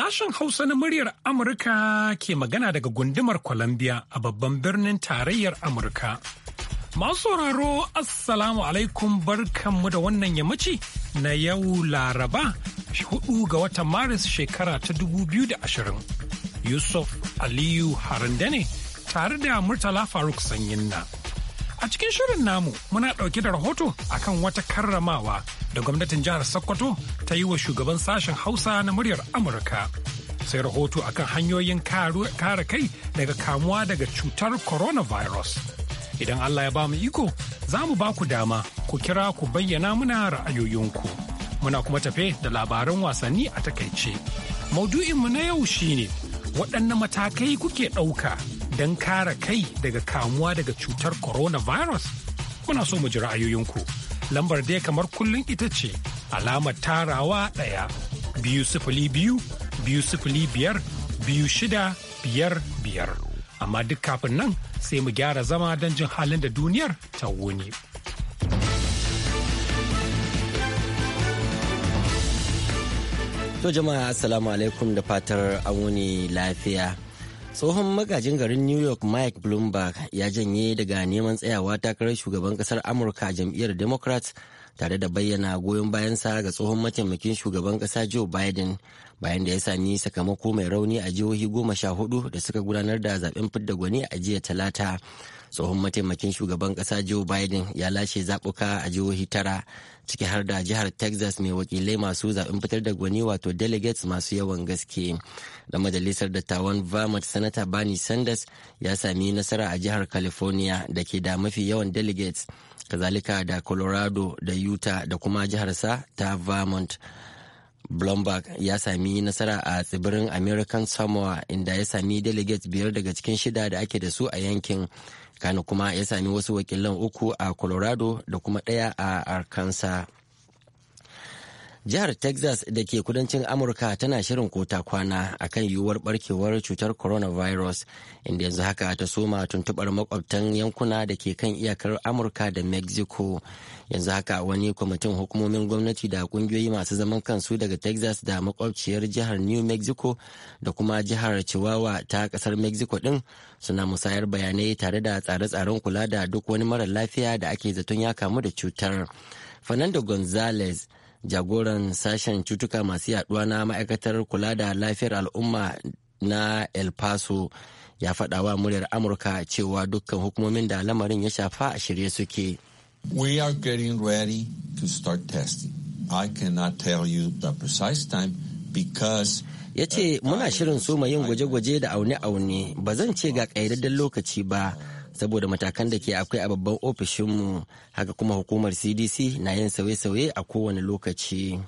Sashen Hausa na muryar Amurka ke magana daga gundumar Columbia a babban birnin tarayyar Amurka. Masu sauraro Assalamu alaikum barkanmu da wannan yammaci na yau Laraba hudu ga watan Maris shekara ta 2020. Yusuf Aliyu ne tare da Murtala Faruk sanyin na A cikin shirin namu muna ɗauke da rahoto akan wata karramawa da gwamnatin jihar Sokoto ta yi wa shugaban sashen Hausa na muryar Amurka. Sai rahoto akan hanyoyin kare kai daga kamuwa daga cutar coronavirus. Idan Allah ya ba mu iko, za mu ba ku dama ku kira ku bayyana muna ra'ayoyinku. Muna kuma tafe da labaran wasanni a takaice. Maudu'inmu na yau shine waɗanne matakai kuke ɗauka don kare kai daga kamuwa daga cutar coronavirus? Muna so mu ji ra'ayoyinku. Lambar dai kamar kullum ita ce alamar tarawa ɗaya biyu sifili biyu biyu sifili biyar biyu shida biyar biyar. Amma duk kafin nan sai mu gyara zama don jin halin da duniyar ta wuni. To jama'a assalamu alaikum da fatar an wuni lafiya. tsohon magajin garin new york mike bloomberg ya janye daga neman tsayawa takarar shugaban kasar amurka jam'iyyar democrats tare da bayyana goyon bayansa ga tsohon mataimakin shugaban kasa joe biden bayan da ya sami sakamako mai rauni a jihohi goma sha hudu da suka gudanar da zaben fidda gwani a jiya talata tsohon mataimakin shugaban ƙasa joe biden ya lashe zaɓuka a jihohi tara ciki har da jihar texas mai wakilai masu zaɓen fitar da gwani wato delegates masu yawan gaske da majalisar dattawan vermont sanata bernie sanders ya sami nasara a jihar california da ke da mafi yawan delegates kazalika da colorado da utah da kuma jiharsa ta vermont Bloomberg ya sami nasara a tsibirin American Samoa inda ya sami delegates biyar daga cikin shida da ake da su a yankin. Kano kuma ya sami wasu wakilan uku a Colorado da kuma ɗaya a Arkansas. Jihar Texas da ke kudancin Amurka tana shirin kota kwana kan yiwuwar barkewar cutar coronavirus inda yanzu haka ta soma tuntubar makwabtan yankuna da ke kan iyakar Amurka da Mexico. Yanzu haka wani kwamitin hukumomin gwamnati da kungiyoyi masu zaman kansu daga Texas da makwabciyar jihar New Mexico da kuma jihar Chihuahua ta kasar Mexico din suna musayar bayanai tare da tsare-tsaren kula da duk wani mara lafiya da ake zaton ya kamu da cutar. Fernando Gonzalez jagoran sashen cutuka masu yaduwa na ma'aikatar kula da lafiyar al'umma na el paso ya faɗa wa muryar amurka cewa dukkan hukumomin da lamarin ya shafa a shirye suke we are getting ready to start testing i ya ce uh, muna shirin soma yin gwaje-gwaje da aune-aune ba zan ce ga ƙayyadadden lokaci ba saboda matakan da ke akwai a babban ofishinmu haka kuma hukumar cdc na yin sauye-sauye a kowane lokaci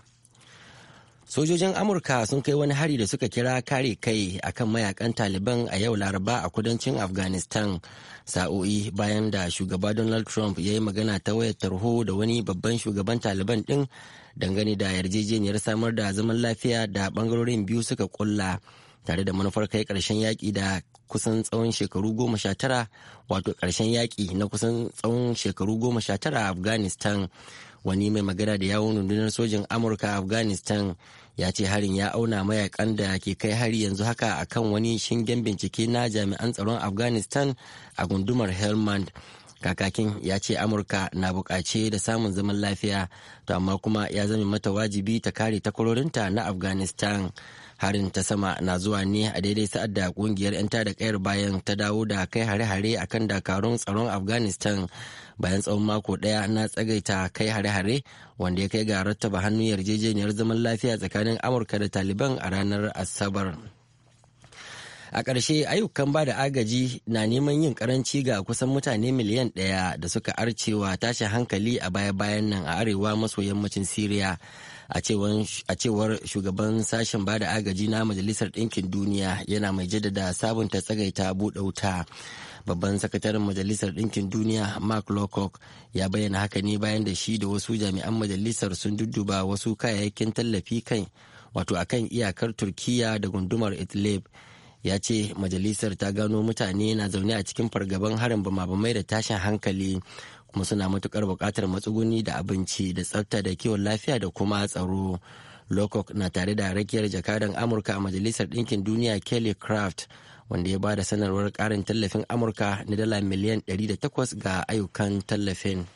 sojojin amurka sun kai wani hari da suka kira kare kai akan mayakan taliban a yau laraba a kudancin afghanistan sa'o'i bayan da shugaba donald trump ya yi magana ta wayar tarho da wani babban shugaban taliban din dangane da yarjejeniyar samar da zaman lafiya da bangarorin biyu suka kulla tare da manufar kai karshen yaki da kusan tsawon shekaru goma sha tara wato ƙarshen yaƙi na kusan tsawon shekaru goma sha tara a afghanistan wani mai magana da yawon rundunar sojin amurka a afghanistan ya ce harin ya auna mayakan da ke kai hari yanzu haka akan wani shingen bincike na jami'an tsaron afghanistan a gundumar helmand kakakin ya ce amurka na bukace da samun zaman lafiya to amma kuma ya zame mata wajibi ta kare takwarorinta na afghanistan harin ta sama na zuwa ne a daidai sa'ad da kungiyar 'yan da kayar bayan ta dawo da kai hare-hare a kan dakarun tsaron afghanistan bayan tsawon mako daya na tsagaita kai hare-hare wanda ya kai ga rattaba hannu yarjejeniyar zaman lafiya tsakanin amurka da taliban a ranar asabar. a ƙarshe ayyukan ba da agaji na neman yin karanci ga kusan mutane miliyan ɗaya da suka arcewa tashin hankali a baya-bayan nan a arewa maso yammacin siriya a cewar shugaban sashen ba da agaji na majalisar ɗinkin duniya yana mai jaddada sabunta tsagaita buɗe wuta babban sakataren majalisar ɗinkin duniya mark lowcock ya bayyana haka ne bayan da shi da wasu jami'an majalisar sun dudduba wasu kayayyakin tallafi kan wato akan iyakar turkiya da gundumar idlib ya ce majalisar ta gano mutane na zaune a cikin fargaban harin bama da tashin hankali kuma suna matukar buƙatar matsuguni da abinci da tsafta da kiwon lafiya da kuma tsaro lokok na tare da rakiyar jakadan amurka a majalisar ɗinkin duniya kelly craft wanda ya ba da sanarwar ƙarin tallafin amurka na dala miliyan 108 ga ayyukan tallafin.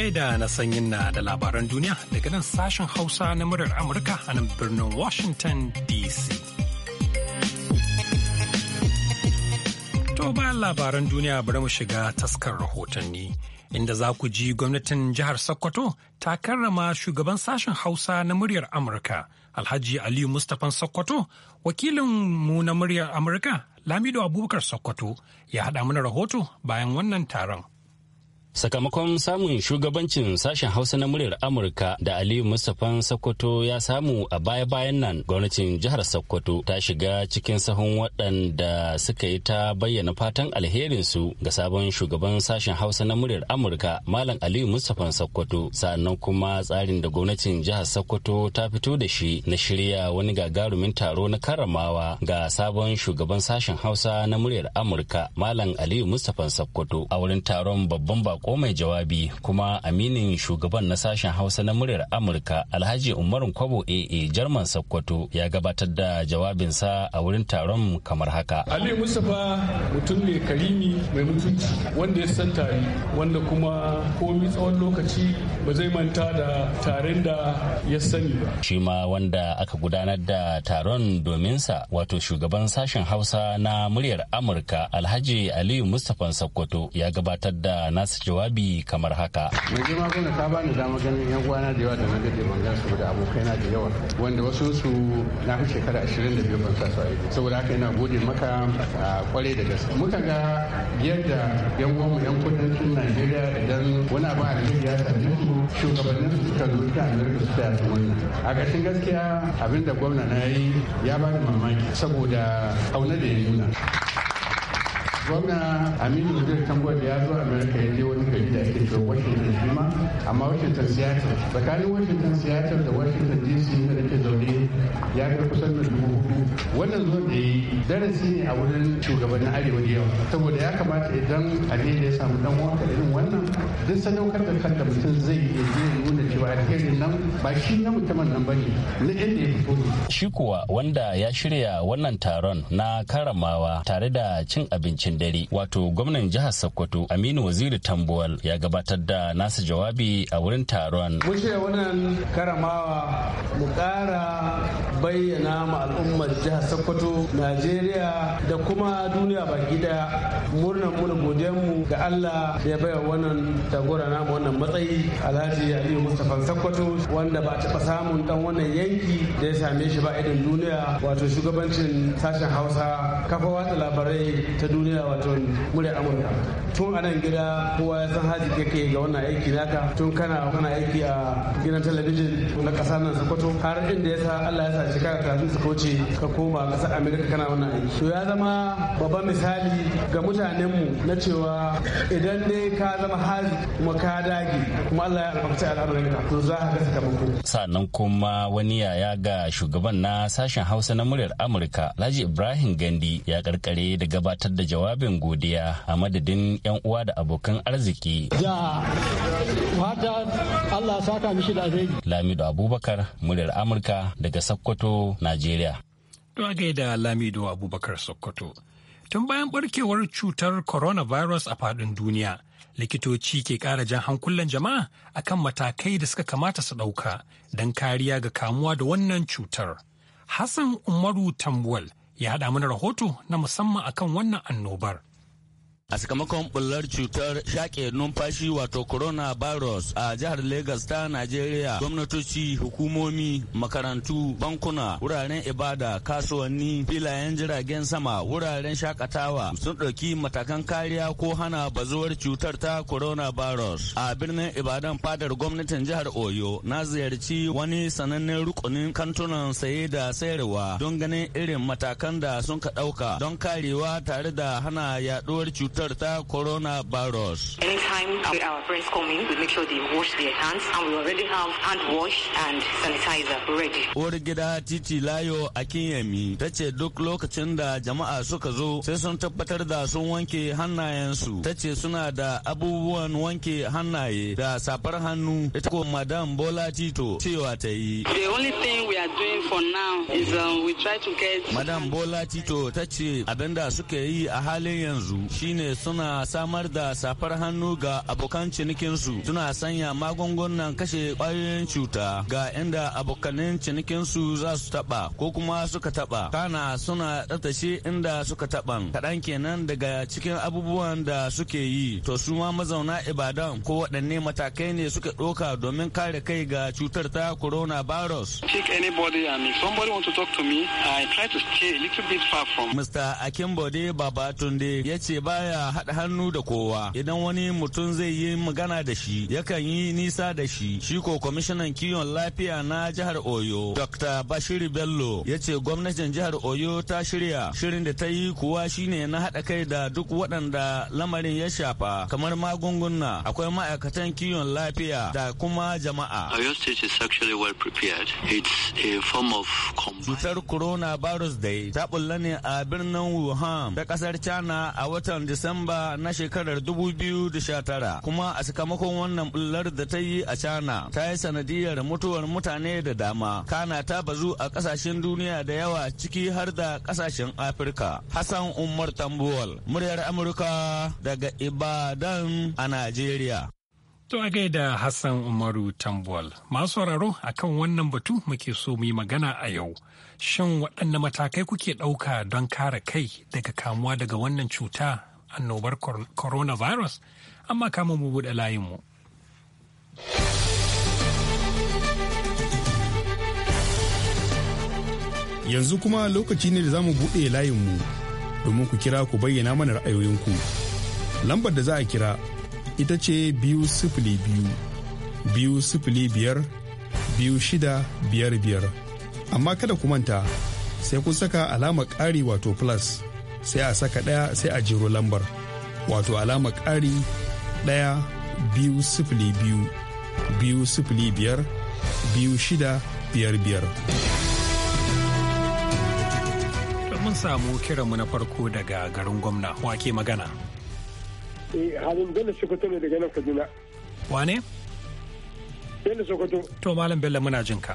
gaida na sanyin na da labaran duniya daga nan sashen Hausa na murar Amurka a nan birnin Washington DC. To bayan labaran duniya bari mu shiga taskar rahotanni. Inda za ku ji gwamnatin jihar Sokoto ta karrama shugaban sashen Hausa na muryar Amurka, Alhaji Aliyu Mustapha Sokoto, wakilin mu na muryar Amurka, Lamido Abubakar Sokoto, ya haɗa mana rahoto bayan wannan taron. Sakamakon samun shugabancin sashen Hausa na muryar Amurka da Aliyu Mustapha Sokoto ya samu a baya-bayan nan gwamnatin jihar Sokoto ta shiga cikin sahun waɗanda suka yi ta bayyana fatan alherinsu ga sabon shugaban sashen Hausa na muryar Amurka Malam Aliyu Mustapha Sokoto sannan kuma tsarin da gwamnatin jihar Sokoto ta fito da shi na shirya wani gagarumin taro na karramawa ga sabon shugaban sashen Hausa na muryar Amurka Malam Aliyu Mustapha Sokoto a wurin taron babban bako mai jawabi kuma aminin shugaban na sashen hausa na muryar amurka alhaji umaru kwabo aa jarman sakkwato ya gabatar da jawabinsa a wurin taron kamar haka ali mustapha mutum ne karimi mai mutunci wanda ya san tare wanda kuma komi tsawon lokaci ba zai manta da taren da ya sani ba shi ma wanda aka gudanar da taron dominsa wato shugaban sashen hausa na muryar amurka alhaji aliyu mustapha sakkwato ya gabatar da nasa jawabi kamar haka. Mai girma gwamna ta bani dama ganin yan uwana da yawa da nan daɗe ban saboda da abokaina da yawa wanda wasu su na fi shekara ashirin da biyu ban sa su aiki saboda haka ina gode maka a kwarai da gaske. Muka ga yadda yan uwanmu yan kudancin Najeriya idan wani abu a rikin ya sami su shugabannin su suka zo ta Amerika su taya su wannan. A ƙarshen gaskiya abin da gwamna na yi ya bani mamaki saboda auna da ya nuna. gwamna aminu zai tambar da ya zo amerika ya je wani gari da ake cewa washington shi ma amma washington seattle tsakanin washington seattle da washington dc da nake zaune ya ga kusan da dubu hudu wannan zuwa da yi darasi ne a wurin shugabannin arewa da yau saboda ya kamata idan a ya samu dan waka irin wannan duk sadaukar da kan da mutum zai ya nuna cewa nan ba shi na mutumin nan ba ne na inda ya fito shi kuwa wanda ya shirya wannan taron na karamawa tare da cin abincin dare wato gwamnan jihar sokoto aminu waziri tambuwal ya gabatar da nasa jawabi a wurin taron mun shirya wannan karamawa mu kara bayyana ma al'ummar jihar sokoto najeriya da kuma duniya baki daya murnar mu da godiyar mu ga allah da ya bayar wannan tagora na wannan matsayi alhaji aliyu tattafan sakkwato wanda ba taɓa samun ɗan wannan yanki da ya same shi ba idan duniya wato shugabancin sashen hausa kafa watsa labarai ta duniya wato murya amurka tun a nan gida kowa ya san haji ke ga wannan aiki naka tun kana kana aiki a gidan talabijin na ƙasa nan sokoto har inda ya sa allah ya sa shekara talatin su wuce ka koma ƙasar amerika kana wannan aiki to ya zama babban misali ga mutanenmu na cewa idan dai ka zama haji kuma ka dage kuma allah ya albarkaci al'amarin to za Sannan kuma wani yaya ga shugaban na sashen Hausa na muryar Amurka laji Ibrahim Gandi ya karkare da gabatar da jawabin godiya a madadin 'yan uwa da abokan arziki. wata Allah saka mishi Lamido Abubakar muryar Amurka daga Sokoto, Najeriya. Tuwa gaida Lamido Abubakar Sokoto. Tun bayan barkewar cutar coronavirus a faɗin duniya, likitoci ke ƙara jan hankulan jama'a akan matakai da suka kamata su ɗauka don kariya ga kamuwa da wannan cutar. Hassan Umaru Tambuwal ya haɗa mana rahoto na musamman akan wannan annobar. a sakamakon bullar cutar shaƙe numfashi wato Corona virus a jihar Legas ta Najeriya gwamnatoci hukumomi makarantu bankuna wuraren ibada kasuwanni filayen jiragen sama wuraren shakatawa sun ɗauki matakan kariya ko hana bazuwar cutar ta coronavirus a birnin ibadan fadar gwamnatin jihar oyo na ziyarci wani sanannen rukunin kantunan saye da sayarwa don ganin irin matakan da sun ka ɗauka don karewa tare da hana yaɗuwar cutar cutar ta coronavirus. Anytime our friends come in, we make sure they wash their hands and we already have hand wash and sanitizer ready. Uwar gida Titi Layo a Kinyemi ta ce duk lokacin da jama'a suka zo sai sun tabbatar da sun wanke hannayensu. Ta ce suna da abubuwan wanke hannaye da safar hannu ita ko Madam Bola Tito cewa ta yi. The only thing we are doing for now is um, we try to get Madam Bola Tito ta ce abinda suka yi a halin yanzu shine suna samar da safar hannu ga abokan cinikinsu suna sanya magungunan kashe ƙwayoyin cuta ga inda abokanin cinikinsu za su taɓa. ko kuma suka taɓa. kana suna tsatashi inda suka taban kaɗan kenan daga cikin abubuwan da suke yi to su ma mazauna ibadan ko waɗanne matakai ne suka ɗoka domin kare kai ga cutar ta coronavirus. Mr. Akimbode Babatunde ya ce baya a haɗa hannu da kowa idan wani mutum zai yi magana da shi yakan yi nisa da shi shi ko kwamishinan kiwon lafiya na jihar oyo dr bashir bello ya ce gwamnatin jihar oyo ta shirya shirin da ta yi kuwa shine na haɗa kai da duk waɗanda lamarin ya shafa kamar magunguna akwai ma'aikatan kiwon lafiya da kuma jama'a cutar corona virus dai ta ne a birnin wuhan ta ƙasar china a watan Disamba na shekarar 2019 kuma a sakamakon wannan bullar da ta yi a China ta yi sanadiyar mutuwar mutane da dama. Kana ta bazu a kasashen duniya da yawa ciki har da kasashen Afirka. Hassan Umar Tambuwal, muryar Amurka daga Ibadan a Najeriya. To a gaida Hassan Umaru Tambuwal, masu sauraro kan wannan batu muke so mu yi magana a yau. Shin waɗanne matakai kuke ɗauka don kare kai daga kamuwa daga wannan cuta annobar coronavirus amma kama mu buɗe layinmu. Yanzu kuma lokaci ne da za mu buɗe layinmu domin ku kira ku bayyana mana ra'ayoyinku. Lambar da za a kira ita ce biyu sifili biyu, biyu sifili biyar, biyu shida biyar biyar. Amma kada ku manta sai kun saka alamar ƙari wato plus. sai a saka ɗaya sai a jiro lambar wato alama ƙari ɗaya biyu sifili biyu biyu sifili biyar biyu shida biyar biyar. mun samu kiranmu na farko daga garin gwamna wake magana. Eh, halin Bello Sokoto ne daga nan Kaduna. Wane? Bello Sokoto. To Malam Bello muna jinka. ka.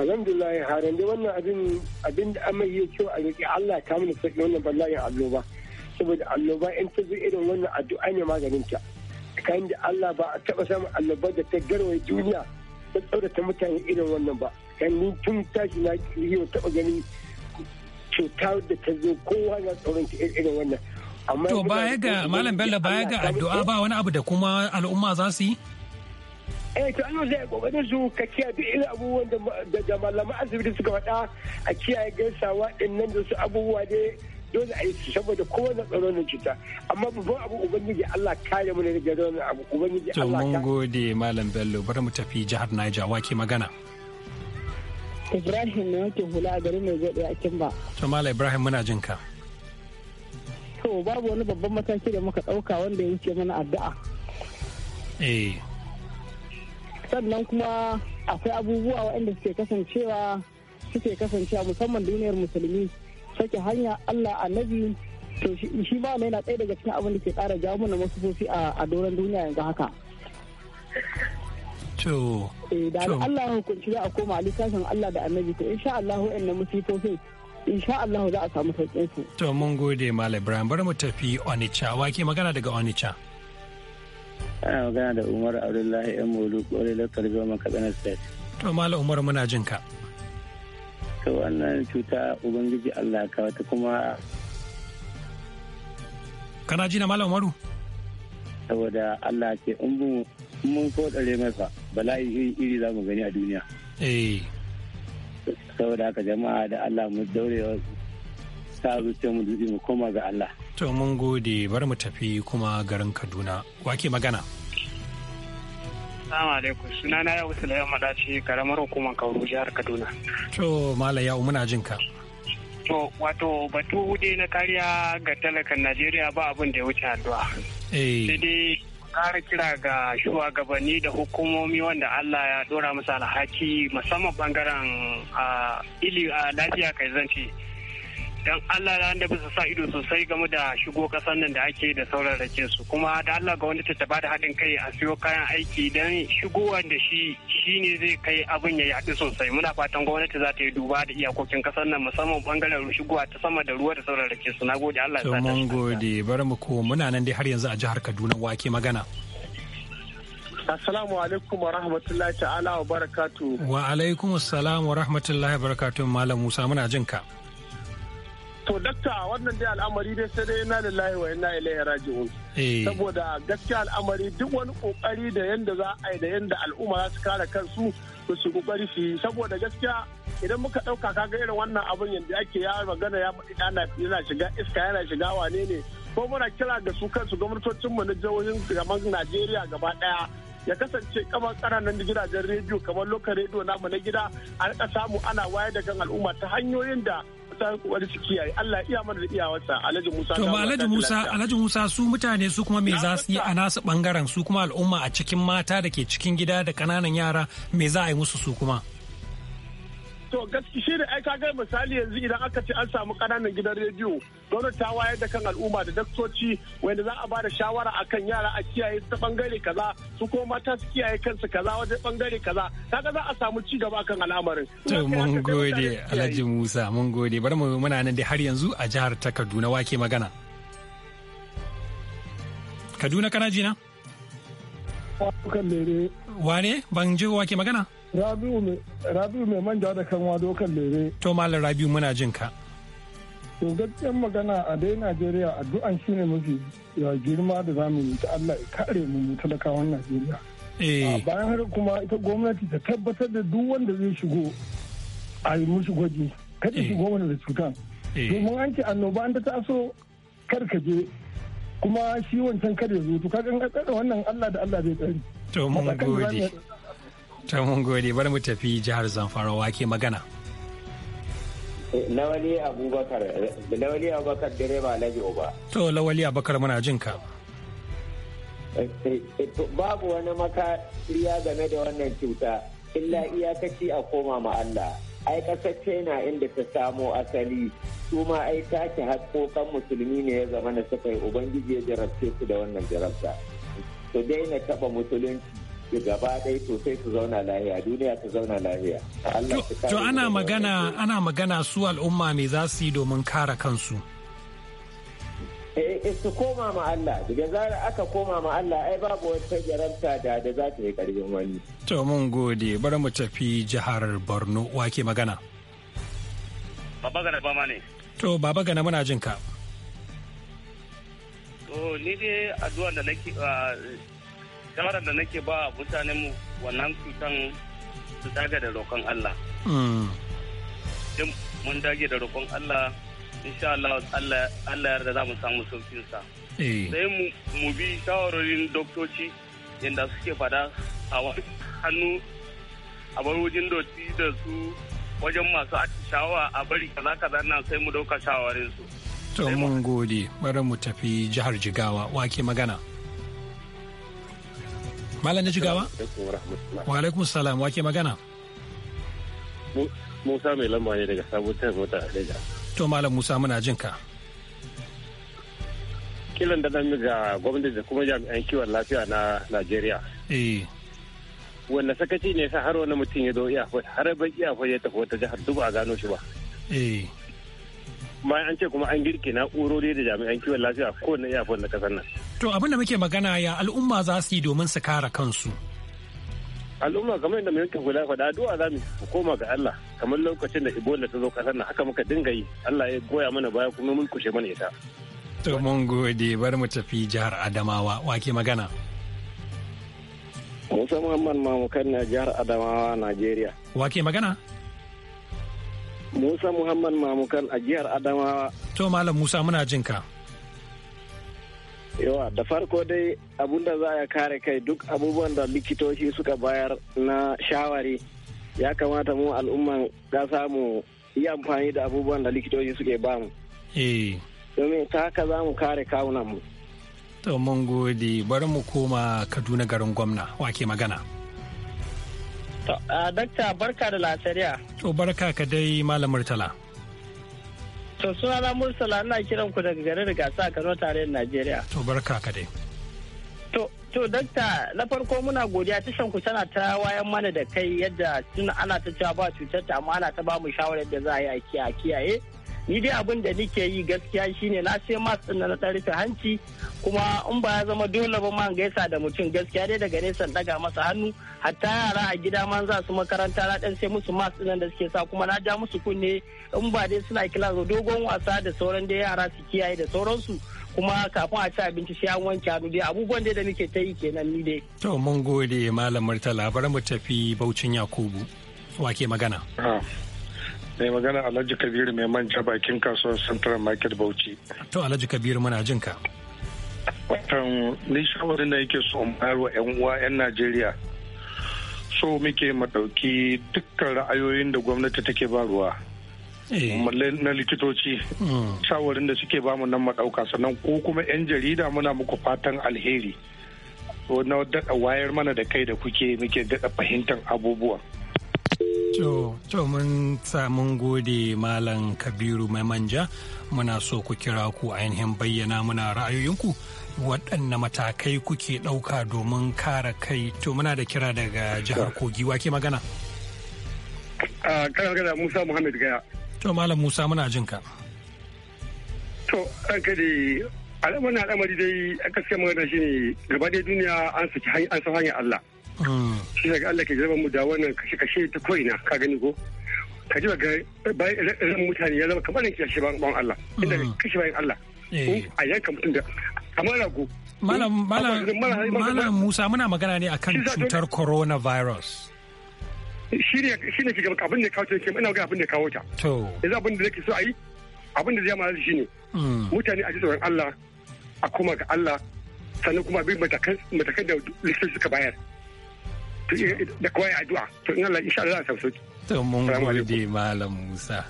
alhamdulillah haran da wannan abin abin da amma yi kyau a roƙi Allah ta mana sauki wannan ballayin alloba saboda alloba in ta zo irin wannan addu'a ne maganin ta kayan da Allah ba a taɓa samun alloba da ta garwaye duniya ta ta mutane irin wannan ba kan ni tun tashi na yau taɓa gani cuta da ta zo kowa na tsoron ta irin wannan. To baya ga Malam Bello baya ga addu'a ba wani abu da kuma al'umma za su yi? eh to an zai kokarin su ka kiyaye duk irin abubuwan da malaman asibiti suka faɗa a kiyaye gaisawa din nan da su abubuwa dai dole a yi su saboda kowane tsaronin cuta amma babban abu ubangiji Allah kare mu ne daga wannan abu ubangiji Allah to mun gode malam Bello bari mu tafi jihar Niger wake magana Ibrahim na yake hula a garin mai gode a Kimba to malam Ibrahim muna jin ka to babu wani babban mataki da muka ɗauka wanda ya wuce mana addu'a eh sannan kuma akwai abubuwa waɗanda suke kasancewa suke kasancewa musamman duniyar musulmi sake hanya allah annabi to shi ma yana na ɗaya daga cikin abin da ke ƙara jawo mana masufofi a doron duniya yanzu haka to eh, da allah hukunci za a koma a allah da annabi to insha allah waɗannan musifofin insha Allah za a samu sauƙin su. To mun gode Malam Ibrahim bari mu tafi Onitsha ke magana daga Onitsha. ana magana da umar abdullahi yan molu kore da karbe maka tsanar state to Malam umar muna jin ka to wannan cuta ubangiji allah ka wata kuma kana ji na Malam umaru saboda allah ce in mun kodare masa bala'i iri za mu gani a duniya eh saboda haka jama'a da allah mu daure sa zuciya mu dutse mu koma ga allah To mun gode bar mu tafi kuma garin Kaduna. Wake magana. Salamu alaikum na ya wasu layan madaci karamar hukumar Kauru jihar Kaduna. To Malam Ya'u muna jin ka. To wato batu hude na kariya ga talakan Najeriya ba abin da ya wuce addu'a. Eh. Sai dai kara kira ga shugabanni da hukumomi wanda Allah ya dora musu alhaki musamman bangaren a ah, ah, lafiya kai zance. dan Allah da wanda su sa ido sosai game da shigo kasan nan da ake da sauran rake su kuma da Allah ga wanda ta bada haɗin kai a siyo kayan aiki dan shigo da shi shi ne zai kai abin ya yaɗu sosai muna fatan gwamnati za ta yi duba da iyakokin kasan nan musamman bangaren shigo ta sama da ruwa da sauran rake su nagode Allah ya sa mun gode bari mu ko muna nan dai har yanzu a jihar Kaduna wake magana Assalamu alaikum wa rahmatullahi ta'ala wa barakatu. Wa alaikum assalam wa rahmatullahi wa barakatu Malam Musa muna jinka. ka. to dakta wannan dai al'amari dai sai dai na lillahi wa inna ilaihi raji'un eh. saboda gaskiya al'amari duk wani kokari da yanda za a yi da yanda al'umma za su kare kansu to su kokari su yi saboda gaskiya idan muka dauka kaga irin wannan abun yanda ake ya magana ya yana shiga iska yana shiga wane ne ko muna kira ga su kansu gwamnatocin mu na jihohin kamar Najeriya gaba ɗaya ya kasance kamar kananan gidajen rediyo kamar lokacin rediyo namu na gida a rika samu ana wayar da kan al'umma ta hanyoyin da sa kokari su kiyaye Allah iya mana da iyawarsa Musa Alhaji Musa su mutane su kuma me za su yi a nasu bangaren su kuma al'umma a cikin mata da ke cikin gida da kananan yara me za a yi musu su kuma to gaskiya shi ne ai kaga misali yanzu idan aka ce an samu ƙananan gidan rediyo gwamnati ta wayar da kan al'umma da daktoci wanda za a ba da shawara akan yara a kiyaye ta bangare kaza su ko mata su kiyaye kansu kaza waje bangare kaza kaga za a samu ci gaba akan al'amarin to mun gode Alhaji Musa mun gode bari mu muna nan dai har yanzu a jihar ta Kaduna wake magana Kaduna kana jina Wane ban ji wake magana? Rabiu mai manja da kanwa dokan lere. To Malam Rabiu muna jin ka. To gaskiyar magana a dai Najeriya addu'an shi ne mafi girma da zamu yi ta Allah ya kare mu talakawan Najeriya. Eh. Bayan haka kuma ita gwamnati ta tabbatar da duk wanda zai shigo a yi mushi gwaji. Kada eh. shigo wanda da cutan. Eh. Domin an ce annoba an ta taso kar ka je kuma shi wancan kar ya zo to kaga wannan Allah da Allah zai tsari. To mun gode. ta mun gode bari mu tafi jihar zamfara wake magana lawali abubakar lawali abubakar direba na ba. to lawali abubakar muna jin ka eh, eh, eh, babu wani makariya game da wannan cuta illa iyakaci a koma ma Allah ai kasar china inda ta samo asali su ma ai take haƙoƙan musulmi ne ya zama na suka ubangiji ya jarabce su da wannan jarabta su daina taɓa musulunci gaba ɗaya to sai su zauna lahiya duniya ta zauna lahiya to ana magana ana magana su al'umma me za su yi domin kare kansu eh, eh, eh su koma ma Allah daga zarar aka koma ma Allah ai babu wata jaranta da da za ta yi karfin wani to mun gode bari mu tafi jihar Borno wake magana baba gana ba ma ne to baba gana muna jin ka to ni dai addu'a da nake ah, shawarar da nake ba mutanen mu wannan cutan su daga da roƙon Allah. Hmm. Mun dage da roƙon Allah, insha Allah Allah yarda za mu samu saukinsa. Eh. Sai mu bi shawarorin doktoci yanda suke fada a hannu a bar wajen doti da su wajen masu atishawa a bari kaza kaza nan sai mu dauka shawarin su. To mun gode, bari mu tafi jihar Jigawa, wake magana. Malam na jigawa? Wa alaikum salam wa ke magana? Musa mai lamba ne daga sabon tayar mota a Leja. To Malam Musa muna jin ka. Kiran da nan ga gwamnati da kuma jami'an kiwon lafiya na Najeriya. Eh. Wanda sakaci ne sa har wani mutum ya zo iyakwai har bai iyakwai ya tafi wata jihar duba a gano shi ba. Eh. Ma an ce kuma an girki na'urori da jami'an kiwon lafiya kowane iyakwai na kasar nan. To abin da muke magana ya al'umma za su yi domin su kare kansu. al'umma kamar yadda mai kula faɗa addu'a za mu koma ga Allah kamar lokacin da Ebola ta zo kasar nan haka muka dinga yi Allah ya goya mana baya kuma mun kushe mana ita. To mun gode bar mu tafi jihar Adamawa wake magana. Musa Muhammad Mamukan na jihar Adamawa Najeriya. Wake magana? Musa Muhammad Mamukan a jihar Adamawa. To Malam Musa muna jinka. ka. yawa da farko dai abinda za a kare kai duk abubuwan da likitoci suka bayar na shawari ya kamata mu al'umman ƙasa mu yi amfani da abubuwan da likitoci suke ba mu eh. domin ta haka za mu kare kawunan mu to mun gode bari mu koma kaduna garin gwamna wake magana to dakta barka da lasariya to barka ka dai malam murtala To suna na Mursala ina kiran ku daga garin Rigasa a Kano tarayyar Najeriya. To barka ka dai. To to dakta na farko muna godiya tushen ku tana ta wayan mana da kai yadda tun ana ta cewa ba cutar ta amma ana ta ba mu shawarar da za a yi a kiyaye. ni dai abin da nike yi gaskiya shine na sai mas din na dan rufe hanci kuma in ba ya zama dole ba man gaisa da mutum gaskiya dai daga nesa daga masa hannu hatta yara a gida man za su makaranta na dan sai musu mas din da suke sa kuma na ja musu kunne in ba dai suna kila dogon wasa da sauran da yara su kiyaye da sauransu kuma kafin a ci abinci sai an wanke hannu dai abubuwan dai da nike ta yi kenan ni dai. To mun gode malamar ta mu tafi Baucin Yakubu. wake magana? Ah, mai magana alhaji kabiru mai manja bakin kasuwar central market bauchi to alhaji kabiru muna jin ka watan ni da yake so wa yan uwa yan najeriya so muke madauki ɗauki dukkan ra'ayoyin da gwamnati take baruwa eh. na likitoci hmm. shawarin da suke bamu nan maɗauka sannan ko kuma 'yan jarida muna muku fatan alheri na daɗa wayar mana da kai da kuke muke daɗa fahimtar abubuwan To, to mun samun gode Malam Kabiru mai manja muna so ku kira ku ainihin bayyana muna ra'ayoyinku waɗanne matakai kuke ɗauka domin kare kai to muna da kira daga jihar Kogi wake magana. Uh, kana gada Musa Muhammad Gaya. To Malam Musa muna jin ka. To, ranka da al'amarin al'amari dai aka suke magana shi ne gaba da duniya an saki hanyar Allah. Hmm. shi ga Allah ke jarabar mu da wannan kashe kashe ta koina ka gani ko ka ji ga ran mutane ya zama kamar kiyashi ban ban Allah mm. inda kashe bayan Allah eh. a yanka mutum da kamar rago malam malam Musa muna magana ne akan cutar coronavirus shi ne shi ne abin da kawo ta ina ga abin da kawo ta to yanzu abin da nake so a yi abin da zai ma shi ne mm. mutane a ji tsoron Allah a koma ga Allah sannan kuma bin matakan da likitoci suka bayar da kuma yi addu'a to in Allah insha Allah za su to mun gode malam Musa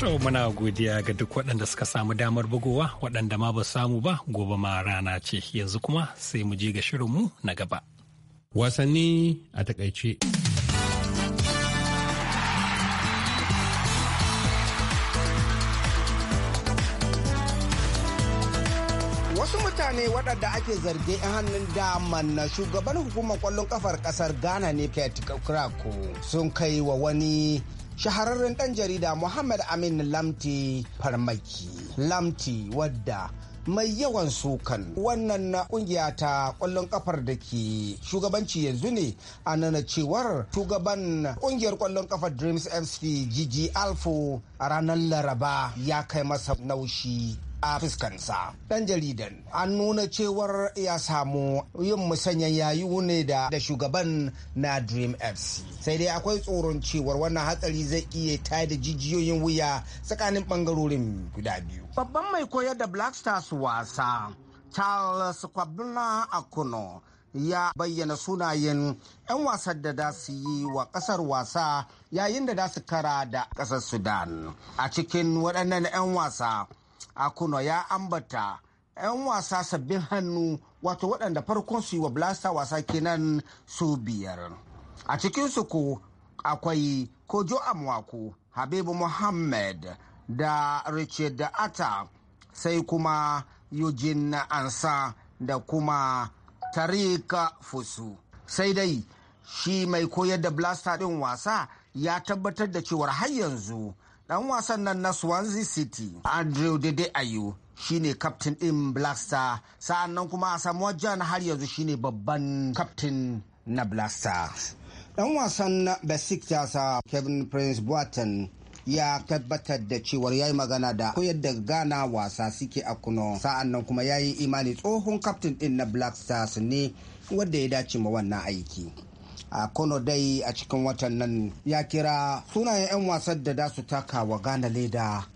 To muna godiya ga duk waɗanda suka samu damar bugowa waɗanda ma ba samu ba gobe ma rana ce yanzu kuma sai mu je ga mu na gaba. Wasanni a takaice. ne waɗanda ake zarge a hannun daman na shugaban hukumar kwallon kafar ƙasar ghana ne pet krako sun kai wa wani shahararren ɗan jarida muhammad amin lamti farmaki lamti wadda mai yawan sukan wannan na kungiya ta kwallon kafar da ke shugabanci yanzu ne a nana cewar shugaban kungiyar kwallon kafar dreams fc gigi alfo a ranar laraba ya kai masa naushi a fuskansa dan jaridan an nuna cewar ya samu yin musanyen yayi ne da da shugaban na dream fc sai dai akwai tsoron cewar wannan hatsari zai iya da jijiyoyin wuya tsakanin bangarorin guda biyu babban mai koyar da black stars wasa charles kwabna akuno ya bayyana sunayen 'yan wasan da za su yi wa kasar wasa yayin da za su kara da kasar sudan a cikin waɗannan 'yan wasa A kuno, ya ambata 'yan wasa sabbin hannu wato waɗanda farkon su yi wa blasta wasa kenan su biyar a cikinsu ko akwai kojo amwako habibu muhammad da richard da ata sai kuma eugene ansa da kuma tarika fusu sai dai shi mai koyar da blasta ɗin wasa ya tabbatar da cewar har yanzu Dan wasan nan na Swansea City, Andrew Dede Ayu, shine kaftin ɗin Black Star, sa'an nan kuma Samuel Jan har yanzu shine babban kaftin na Black Stars. Dan wasan na Besiktas, Kevin Prince Boateng ya tabbatar da cewar ya yi magana da koyar da gana wasa suke a kuno sa'an nan kuma ya yi imani tsohon kaftin ɗin na Black Stars ne wanda ya dace ma wannan aiki. a kono dai a cikin watan nan ya kira sunayen 'yan wasan da da su taka wa ghana leda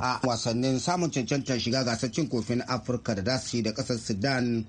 a wasannin samun cancantar shiga gasar cin kofin afirka da za su yi da kasar sudan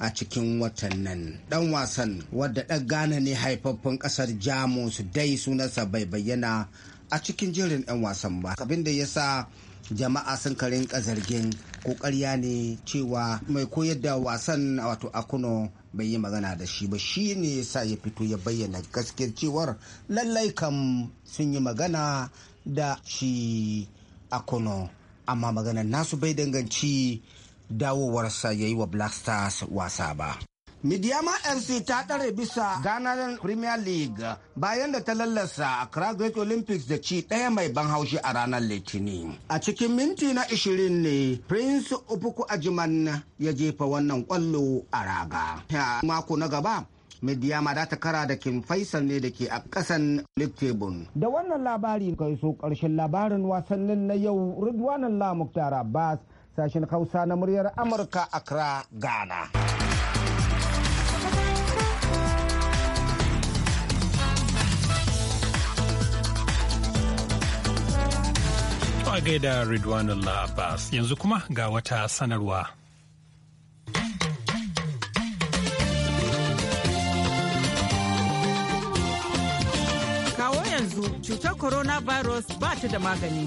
a cikin watan nan dan wasan wadda ɗan ghana ne haifaffen kasar jamus dai sunansa bai bayyana a cikin jerin 'yan wasan ba abin da ya sa jama'a sun karin zargin ko ne cewa mai koyar da wasan wato akuno bai yi magana da shi ba shi ne sa ya fito ya bayyana gaskiyar cewar lallai kam sun yi magana da shi a akono amma maganar nasu bai danganci dawowarsa ya yi wa black stars wasa ba Midiyama FC ta ɗare bisa Ghana Premier League bayan da ta lallasa Accra Great Olympics da ci ɗaya mai ban haushi a ranar Litinin. A cikin minti na 20 ne Prince Upuku Ajiman ya jefa wannan kwallo a raga. A mako na gaba Midiyama da ta kara da kin Faisal ne da ke a ƙasan League Da wannan labari kai so ƙarshen labarin wasannin na yau Ridwanan Lamuktar Abbas sashen Hausa na muryar Amurka Accra Ghana. To a gaida Ridwanullah Abbas yanzu kuma ga wata sanarwa. Kawo yanzu cutar coronavirus ba ta da magani.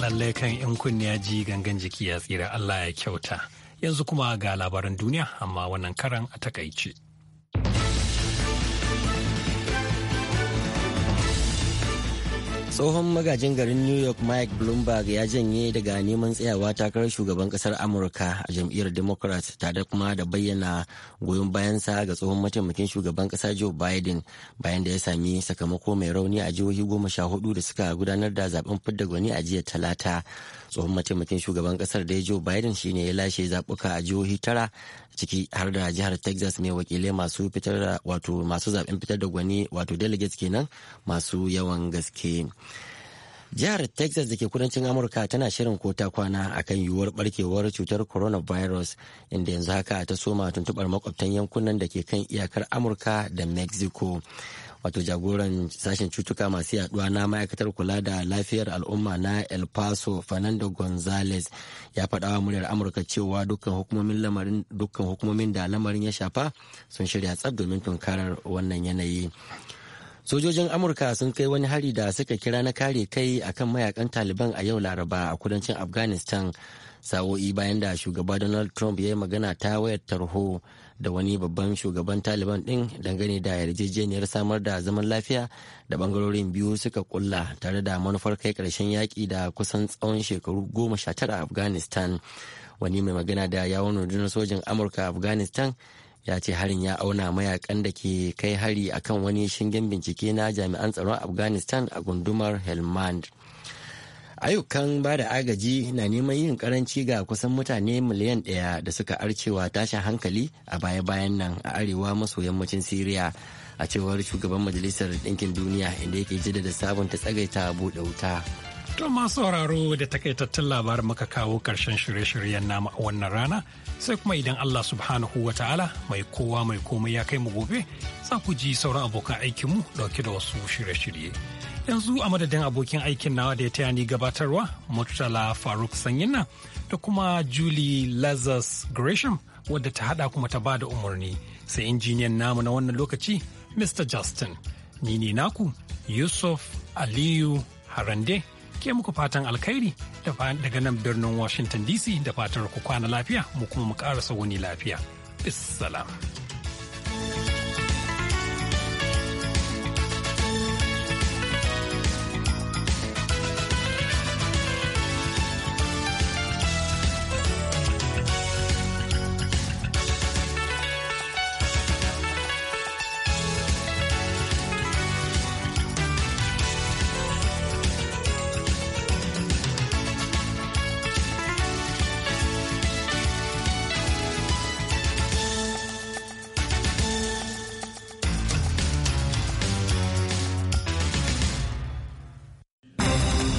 lalle kan 'yan ya ji gangan jiki ya tsira Allah ya kyauta. Yanzu kuma ga labaran duniya amma wannan karan a takaice. tsohon magajin garin new york mike bloomberg ya janye daga neman tsayawa takarar shugaban kasar amurka a jam'iyyar democrat tare kuma da bayyana goyon bayansa ga tsohon mataimakin shugaban kasa joe biden bayan da ya sami sakamako mai rauni a jihohi goma sha hudu da suka gudanar da zaben fidda gwani a jiya talata tsohon mataimakin shugaban kasar da joe biden shine ya lashe zabuka a jihohi tara ciki har da jihar texas mai wakilai masu fitar wato masu zaben fitar da gwani wato delegates kenan masu yawan gaske Jihar Texas da ke kudancin Amurka tana shirin ko ta kwana kan yiwuwar barkewar cutar coronavirus inda yanzu haka ta soma tuntubar makwabtan yankunan da ke kan iyakar Amurka da Mexico. Wato jagoran sashen cutuka masu yaduwa na ma'aikatar kula da lafiyar al'umma na El Paso Fernando Gonzalez ya faɗa wa muryar Amurka cewa dukkan dukkan hukumomin da lamarin ya shafa sun shirya tsab domin tunkarar wannan yanayi. sojojin amurka sun kai wani hari da suka kira na kare kai akan mayakan taliban a yau laraba a kudancin afghanistan sa'o'i bayan da shugaba donald trump ya yi magana ta wayar tarho da wani babban shugaban taliban din dangane da yarjejeniyar samar da zaman lafiya da bangarorin biyu suka kulla tare da manufar kai karshen yaƙi da kusan tsawon shekaru goma sha tara a afghanistan wani mai magana da yawon rundunar sojin amurka afghanistan ya ce harin ya auna mayakan da ke kai hari a kan wani shingen bincike na jami'an tsaron afghanistan a gundumar helmand ayyukan ba da agaji na neman yin karanci ga kusan mutane miliyan ɗaya da suka arcewa tashin hankali a baya-bayan nan a arewa maso yammacin siriya a cewar shugaban majalisar ɗinkin duniya inda yake jaddada sabunta tsagaita buɗe wuta. To masu sauraro da takaitattun labarin muka kawo ƙarshen shirye-shiryen nama a wannan rana sai kuma idan Allah subhanahu wa ta'ala mai kowa mai komai ya kai mu gobe za ku ji sauran abokan aikinmu dauke da wasu shirye-shirye. Yanzu a madadin abokin aikin nawa da ya taya ni gabatarwa Murtala Faruk Sanyinna da kuma Julie Lazarus Gresham wadda ta haɗa kuma ta ba da umarni sai injiniyan namu na wannan lokaci Mr. Justin. Ni ne naku Yusuf Aliyu Harande. ke muku fatan alkhairi daga nan birnin Washington DC da fatan ku kwana lafiya mu kuma mu karasa wani lafiya.